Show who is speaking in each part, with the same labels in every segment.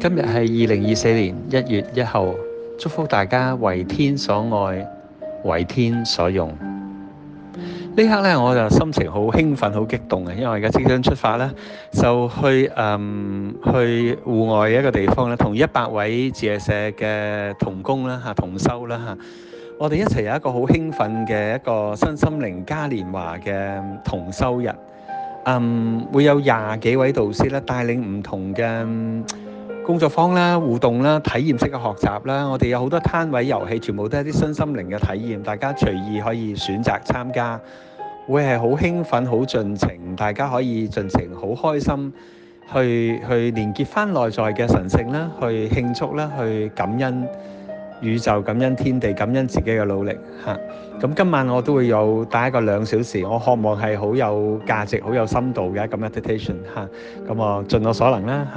Speaker 1: 今日係二零二四年一月一號，祝福大家為天所愛，為天所用。呢刻咧，我就心情好興奮、好激動呀，因為我而家即將出發咧，就去誒去戶外嘅一個地方咧，同一百位自在社嘅同工啦吓同修啦吓，我哋一齊有一個好興奮嘅一個新心靈嘉年華嘅同修日。嗯，會有廿幾位導師咧帶領唔同嘅工作坊啦、互動啦、體驗式嘅學習啦，我哋有好多攤位遊戲，全部都係一啲新心靈嘅體驗，大家隨意可以選擇參加，會係好興奮、好盡情，大家可以盡情好開心去去連結翻內在嘅神性啦，去慶祝啦，去感恩。宇宙感恩天地，感恩自己嘅努力嚇。咁今晚我都會有打一個兩小時，我渴望係好有價值、好有深度嘅咁 meditation 嚇。咁我盡我所能啦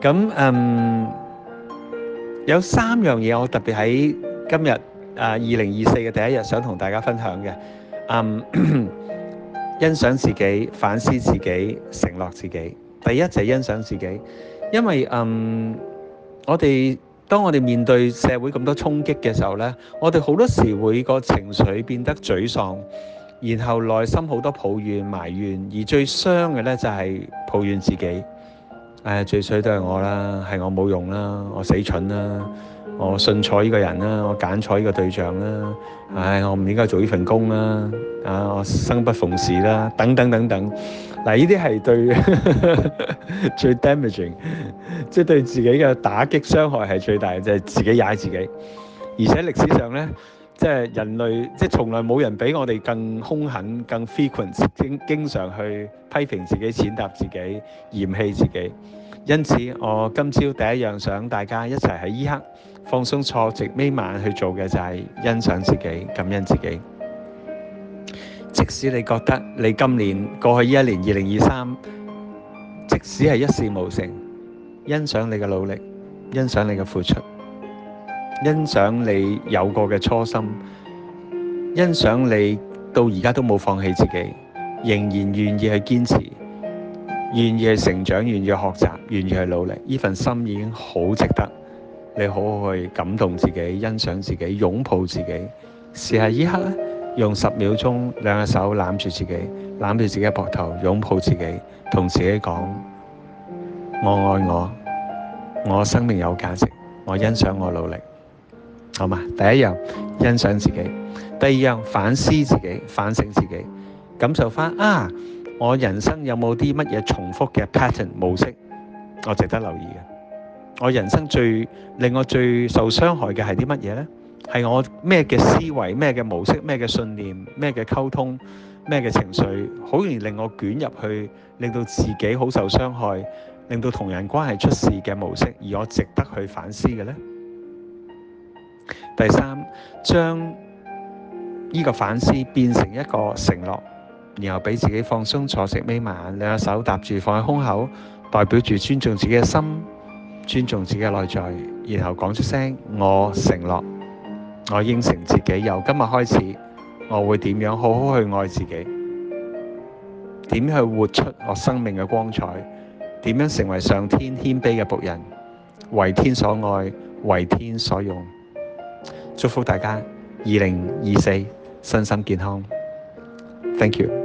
Speaker 1: 嚇。咁嗯，有三樣嘢我特別喺今日啊二零二四嘅第一日想同大家分享嘅。嗯，欣賞自己、反思自己、承諾自己。第一就係欣賞自己，因為嗯，我哋。當我哋面對社會咁多衝擊嘅時候呢，我哋好多時會個情緒變得沮喪，然後內心好多抱怨埋怨，而最傷嘅呢，就係抱怨自己。誒、哎，最衰都係我啦，係我冇用啦，我死蠢啦，我信錯呢個人啦，我揀錯呢個對象啦，唉、哎，我唔應該做呢份工啦，啊，我生不逢時啦，等等等等。嗱，呢啲係對 最 damaging，即 係對自己嘅打擊傷害係最大，就係、是、自己踩自己。而且歷史上呢，即、就、係、是、人類，即、就、係、是、從來冇人比我哋更兇狠、更 frequent，經經常去批評自己、踐踏自己、嫌棄自己。因此，我今朝第一樣想大家一齊喺依刻放鬆坐直眯眼去做嘅就係欣賞自己、感恩自己。即使你覺得你今年過去一年二零二三，2023，即使係一事無成，欣賞你嘅努力，欣賞你嘅付出，欣賞你有過嘅初心，欣賞你到而家都冇放棄自己，仍然願意去堅持，願意去成長，願意去學習，願意去努力，依份心已經好值得，你好好去感動自己，欣賞自己，擁抱自己，試下依刻呢，用十秒鐘，兩隻手攬住自己，攬住自己嘅膊頭，擁抱自己，同自己講：我愛我，我生命有價值，我欣賞我努力。好嘛？第一樣欣賞自己，第二樣反思自己，反省自己，感受返啊，我人生有冇啲乜嘢重複嘅 pattern 模式，我值得留意嘅。我人生最令我最受傷害嘅係啲乜嘢咧？係我咩嘅思維、咩嘅模式、咩嘅信念、咩嘅溝通、咩嘅情緒，好容易令我捲入去，令到自己好受傷害，令到同人關係出事嘅模式，而我值得去反思嘅呢。第三，將呢個反思變成一個承諾，然後畀自己放鬆坐食眯埋眼，兩隻手搭住放喺胸口，代表住尊重自己嘅心，尊重自己嘅內在，然後講出聲：我承諾。我應承自己，由今日開始，我會點樣好好去愛自己，點樣去活出我生命嘅光彩，點樣成為上天謙卑嘅僕人，為天所愛，為天所用。祝福大家，二零二四，身心健康。Thank you。